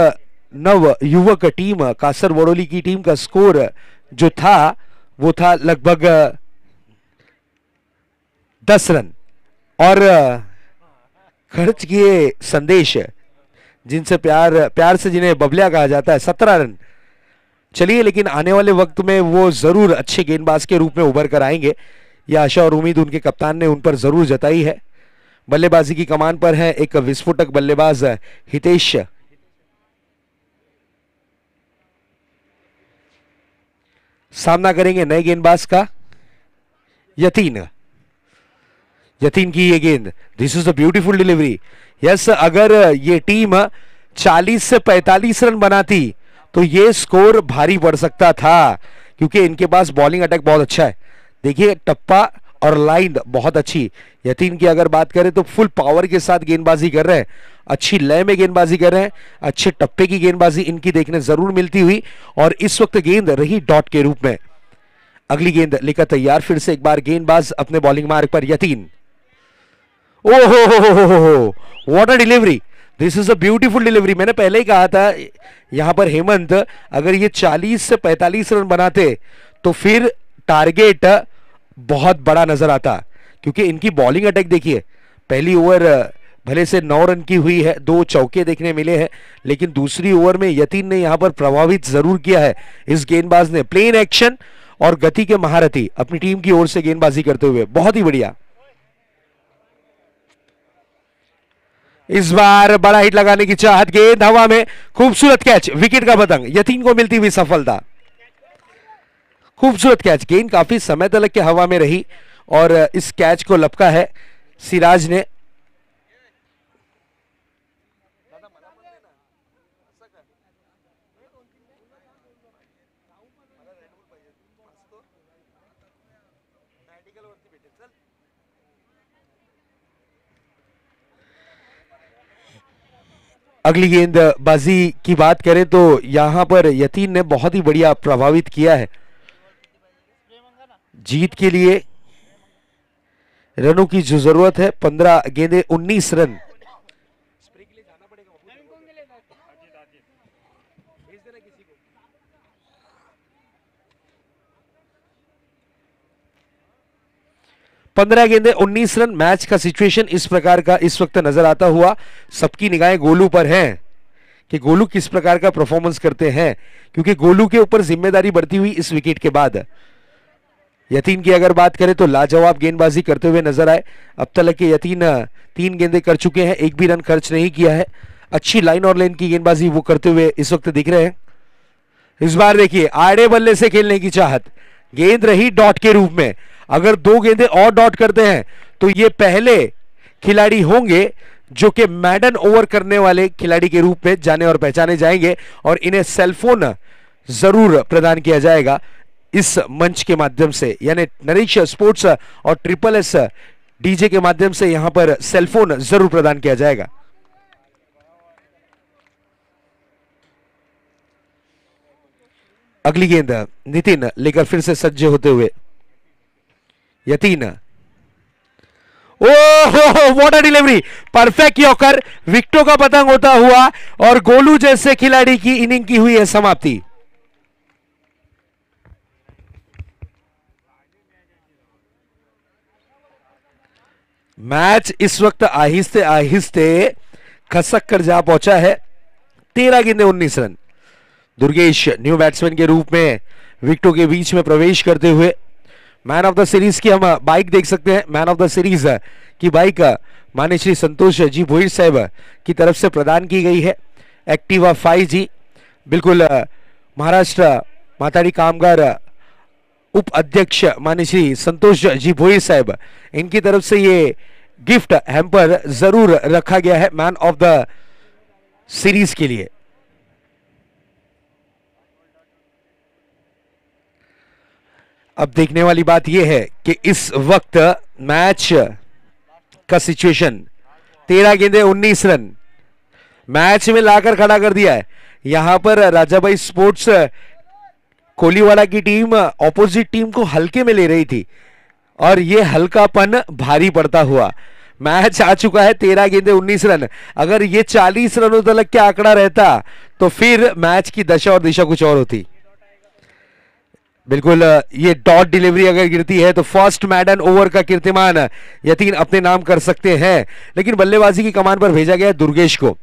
नव युवक टीम कासर वड़ोली की टीम का स्कोर जो था वो था लगभग दस रन और खर्च किए संदेश जिनसे प्यार प्यार से जिन्हें बबलिया कहा जाता है सत्रह रन चलिए लेकिन आने वाले वक्त में वो ज़रूर अच्छे गेंदबाज के रूप में उभर कर आएंगे यह आशा और उम्मीद उनके कप्तान ने उन पर ज़रूर जताई है बल्लेबाजी की कमान पर है एक विस्फोटक बल्लेबाज हितेश सामना करेंगे नए गेंदबाज का यतीन यतीन की ये गेंद this is a beautiful delivery yes अगर ये टीम 40 से 45 रन बनाती तो ये स्कोर भारी बढ़ सकता था क्योंकि इनके पास बॉलिंग अटैक बहुत अच्छा है देखिए टप्पा और लाइन बहुत अच्छी यतीन की अगर बात करें तो फुल पावर के साथ गेंदबाजी कर रहे हैं अच्छी लय में गेंदबाजी कर रहे हैं अच्छे टप्पे की गेंदबाजी इनकी देखने जरूर मिलती हुई और इस वक्त गेंद रही डॉट के रूप में अगली गेंद लेकर तैयार फिर से एक बार गेंदबाज अपने बॉलिंग मार्ग पर यतीन ओहो a delivery this is a beautiful delivery मैंने पहले ही कहा था यहां पर हेमंत अगर ये 40 से 45 रन बनाते तो फिर टारगेट बहुत बड़ा नजर आता क्योंकि इनकी बॉलिंग अटैक देखिए पहली ओवर भले से नौ रन की हुई है दो चौके देखने मिले हैं लेकिन दूसरी ओवर में यतीन ने यहां पर प्रभावित जरूर किया है इस गेंदबाज ने प्लेन एक्शन और गति के महारथी अपनी टीम की ओर से गेंदबाजी करते हुए बहुत ही बढ़िया इस बार बड़ा हिट लगाने की चाहत गेंद हवा में खूबसूरत कैच विकेट का पतंग यतीन को मिलती हुई सफलता खूबसूरत कैच गेंद काफी समय तक के हवा में रही और इस कैच को लपका है सिराज ने अगली गेंदबाजी की बात करें तो यहां पर यतीन ने बहुत ही बढ़िया प्रभावित किया है जीत के लिए रनों की जो जरूरत है पंद्रह गेंदे उन्नीस रन पंद्रह गेंदे उन्नीस रन मैच का सिचुएशन इस प्रकार का इस वक्त नजर आता हुआ सबकी निगाहें गोलू पर हैं कि गोलू किस प्रकार का परफॉर्मेंस करते हैं क्योंकि गोलू के ऊपर जिम्मेदारी बढ़ती हुई इस विकेट के बाद यतीन की अगर बात करें तो लाजवाब गेंदबाजी करते हुए नजर आए अब तक के यतीन तीन गेंदे कर चुके हैं एक भी रन खर्च नहीं किया है अच्छी लाइन और लेन की गेंदबाजी वो करते हुए इस वक्त दिख रहे हैं इस बार देखिए आड़े बल्ले से खेलने की चाहत गेंद रही डॉट के रूप में अगर दो गेंदे और डॉट करते हैं तो ये पहले खिलाड़ी होंगे जो कि मैडन ओवर करने वाले खिलाड़ी के रूप में जाने और पहचाने जाएंगे और इन्हें सेलफोन जरूर प्रदान किया जाएगा इस मंच के माध्यम से यानी नरेश स्पोर्ट्स और ट्रिपल एस डीजे के माध्यम से यहां पर सेलफोन जरूर प्रदान किया जाएगा अगली गेंद नितिन लेकर फिर से सज्जे होते हुए Yatin oh what delivery perfect yorker विक्टो का पतंग होता हुआ और गोलू जैसे खिलाड़ी की इनिंग की हुई है समाप्ति मैच इस वक्त आहिस्ते आहिस्ते खसक कर जा पहुंचा है तेरह गेंदे उन्नीस रन दुर्गेश न्यू बैट्समैन के रूप में विक्टो के बीच में प्रवेश करते हुए मैन ऑफ द सीरीज की हम बाइक uh, देख सकते हैं मैन ऑफ द सीरीज की बाइक मान्य श्री संतोष जी भोईर साहब uh, की तरफ से प्रदान की गई है एक्टिवा फाइव जी बिल्कुल uh, महाराष्ट्र माताड़ी कामगार उप अध्यक्ष मान्य श्री संतोष जी भोईर साहब इनकी तरफ से ये गिफ्ट हैम्पर जरूर रखा गया है मैन ऑफ द सीरीज के लिए अब देखने वाली बात यह है कि इस वक्त मैच का सिचुएशन तेरह गेंदे उन्नीस रन मैच में लाकर खड़ा कर दिया है यहां पर राजा भाई स्पोर्ट्स कोलीवाड़ा की टीम ऑपोजिट टीम को हल्के में ले रही थी और ये हल्कापन भारी पड़ता हुआ मैच आ चुका है तेरह गेंदे उन्नीस रन अगर ये चालीस रनों तक का आंकड़ा रहता तो फिर मैच की दशा और दिशा कुछ और होती बिल्कुल ये डॉट डिलीवरी अगर गिरती है तो फर्स्ट मैडन ओवर का कीर्तिमान यतीन अपने नाम कर सकते हैं लेकिन बल्लेबाजी की कमान पर भेजा गया दुर्गेश को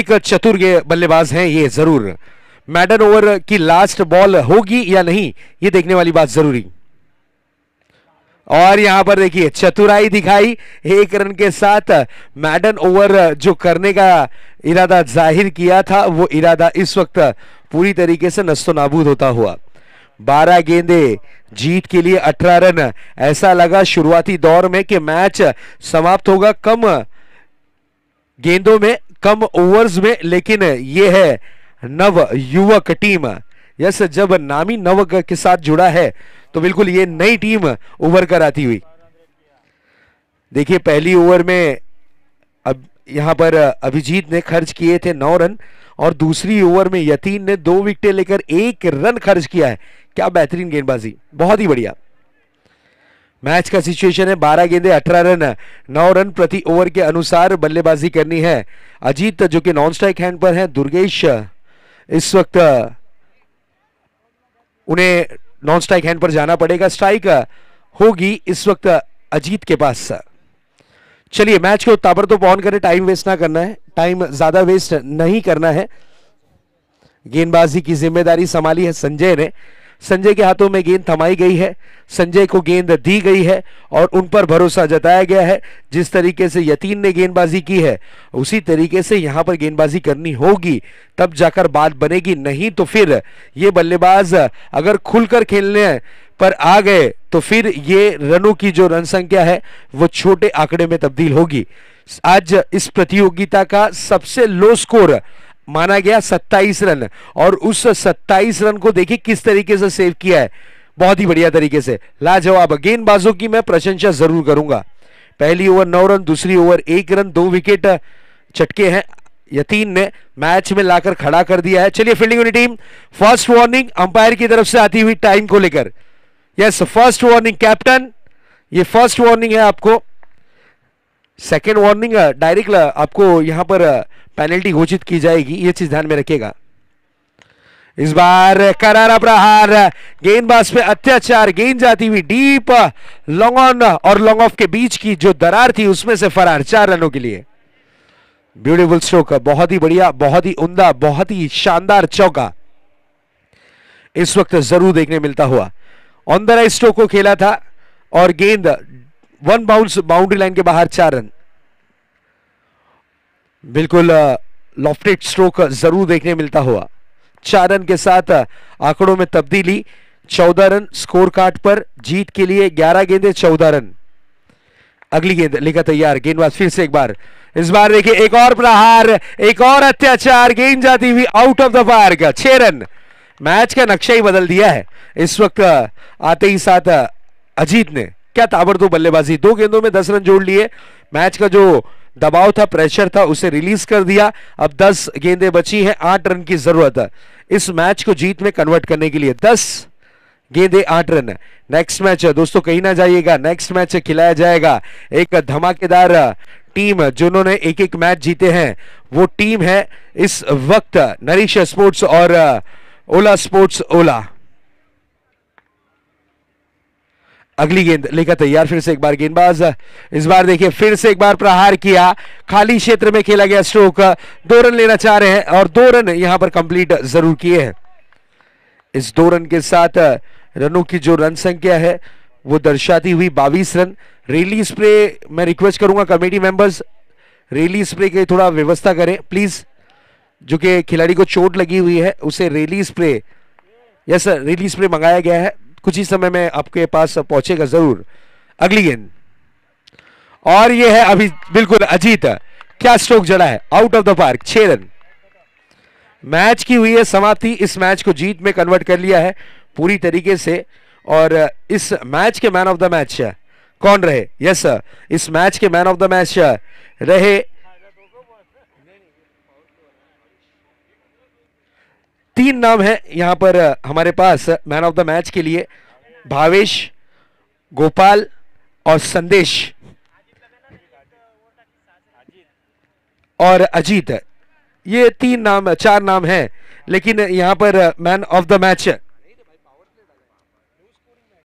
एक चतुर बल्लेबाज हैं ये जरूर मैडन ओवर की लास्ट बॉल होगी या नहीं ये देखने वाली बात जरूरी और यहां पर देखिए चतुराई दिखाई एक रन के साथ मैडन ओवर जो करने का इरादा जाहिर किया था वो इरादा इस वक्त पूरी तरीके से नस्तो नाबूद होता हुआ बारह गेंदे जीत के लिए अठारह रन ऐसा लगा शुरुआती दौर में कि मैच समाप्त होगा कम गेंदों में कम ओवर्स में लेकिन यह है नव युवक टीम यस जब नामी नव के साथ जुड़ा है तो बिल्कुल ये नई टीम उभर कर आती हुई देखिए पहली ओवर में अब यहाँ पर अभिजीत ने खर्च किए थे नौ रन और दूसरी ओवर में यतीन ने दो विकेटें लेकर एक रन खर्च किया है क्या बेहतरीन गेंदबाजी बहुत ही बढ़िया मैच का सिचुएशन है बारह गेंदे अठारह रन नौ रन प्रति ओवर के अनुसार बल्लेबाजी करनी है अजीत जो कि नॉन स्ट्राइक हैंड पर है दुर्गेश इस वक्त उन्हें नॉन स्ट्राइक हैंड पर जाना पड़ेगा स्ट्राइक होगी इस वक्त अजीत के पास चलिए मैच को तो ऑन करें टाइम वेस्ट ना करना है टाइम ज्यादा वेस्ट नहीं करना है गेंदबाजी की जिम्मेदारी संभाली है संजय ने संजय के हाथों में गेंद थमाई गई है संजय को गेंद दी गई है और उन पर भरोसा जताया गया है जिस तरीके से यतीन ने गेंदबाजी की है उसी तरीके से यहां पर गेंदबाजी करनी होगी तब जाकर बात बनेगी नहीं तो फिर ये बल्लेबाज अगर खुलकर खेलने पर आ गए तो फिर ये रनों की जो रन संख्या है वो छोटे आंकड़े में तब्दील होगी आज इस प्रतियोगिता का सबसे लो स्कोर माना गया 27 रन और उस 27 रन को देखिए किस तरीके से सेव किया है बहुत ही बढ़िया तरीके से लाजवाब गेंदबाजों की मैं प्रशंसा जरूर करूंगा पहली ओवर नौ रन दूसरी ओवर एक रन दो विकेट चटके हैं यतीन ने मैच में लाकर खड़ा कर दिया है चलिए फील्डिंग वाली टीम फर्स्ट वार्निंग अंपायर की तरफ से आती हुई टाइम को लेकर यस फर्स्ट वार्निंग कैप्टन ये फर्स्ट वार्निंग है आपको सेकेंड वार्निंग डायरेक्ट आपको यहां पर पेनल्टी घोषित की जाएगी ये चीज ध्यान में रखेगा इस बार करारा प्रहार गेंदबाज पे अत्याचार गेंद जाती हुई डीप लॉन्ग ऑन और लॉन्ग ऑफ के बीच की जो दरार थी उसमें से फरार चार रनों के लिए ब्यूटीफुल स्ट्रोक बहुत ही बढ़िया बहुत ही उमदा बहुत ही शानदार चौका इस वक्त जरूर देखने मिलता हुआ ऑन द राइट स्ट्रोक को खेला था और गेंद वन बाउंस बाउंड्री लाइन के बाहर चार रन बिल्कुल लॉफ्टेड स्ट्रोक जरूर देखने मिलता हुआ चार रन के साथ आंकड़ों में तब्दीली चौदह रन स्कोर कार्ड पर जीत के लिए ग्यारह गेंदे चौदह रन अगली गेंद लेकर तैयार गेंदबाज फिर से एक बार इस बार देखिए एक और प्रहार एक और अत्याचार गेंद जाती हुई आउट ऑफ द पार्क छह रन मैच का नक्शा ही बदल दिया है इस वक्त आते ही साथ अजीत ने क्या दो बल्लेबाजी दो गेंदों में दस रन जोड़ लिए मैच का जो दबाव था प्रेशर था उसे रिलीज कर दिया अब 10 गेंदें बची हैं आठ रन की जरूरत है इस मैच को जीत में कन्वर्ट करने के लिए 10 गेंदे आठ रन नेक्स्ट मैच है दोस्तों कहीं ना जाइएगा नेक्स्ट मैच खिलाया जाएगा एक धमाकेदार टीम जिन्होंने एक एक मैच जीते हैं वो टीम है इस वक्त नरिश स्पोर्ट्स और ओला स्पोर्ट्स ओला अगली गेंद लेकर तैयार फिर से एक बार गेंदबाज इस बार देखिए फिर से एक बार प्रहार किया खाली क्षेत्र में खेला गया स्ट्रोक दो रन लेना चाह रहे हैं और दो रन यहां पर कंप्लीट जरूर किए हैं इस दो रन के साथ रनों की जो रन संख्या है वो दर्शाती हुई बावीस रन रेली स्प्रे मैं रिक्वेस्ट करूंगा कमेटी मेंबर्स रेली स्प्रे की थोड़ा व्यवस्था करें प्लीज जो कि खिलाड़ी को चोट लगी हुई है उसे Relispray yes sir Relispray मंगाया गया है कुछ ही समय में आपके पास पहुंचेगा जरूर अगली गेंद और ये है अभी बिल्कुल अजीत क्या स्ट्रोक जड़ा है आउट ऑफ द पार्क छह रन मैच की हुई है समाप्ति इस मैच को जीत में कन्वर्ट कर लिया है पूरी तरीके से और इस मैच के मैन ऑफ द मैच कौन रहे यस सर इस मैच के मैन ऑफ द मैच रहे तीन नाम है यहां पर हमारे पास मैन ऑफ द मैच के लिए भावेश गोपाल और संदेश और अजीत ये तीन नाम चार नाम है लेकिन यहां पर मैन ऑफ द मैच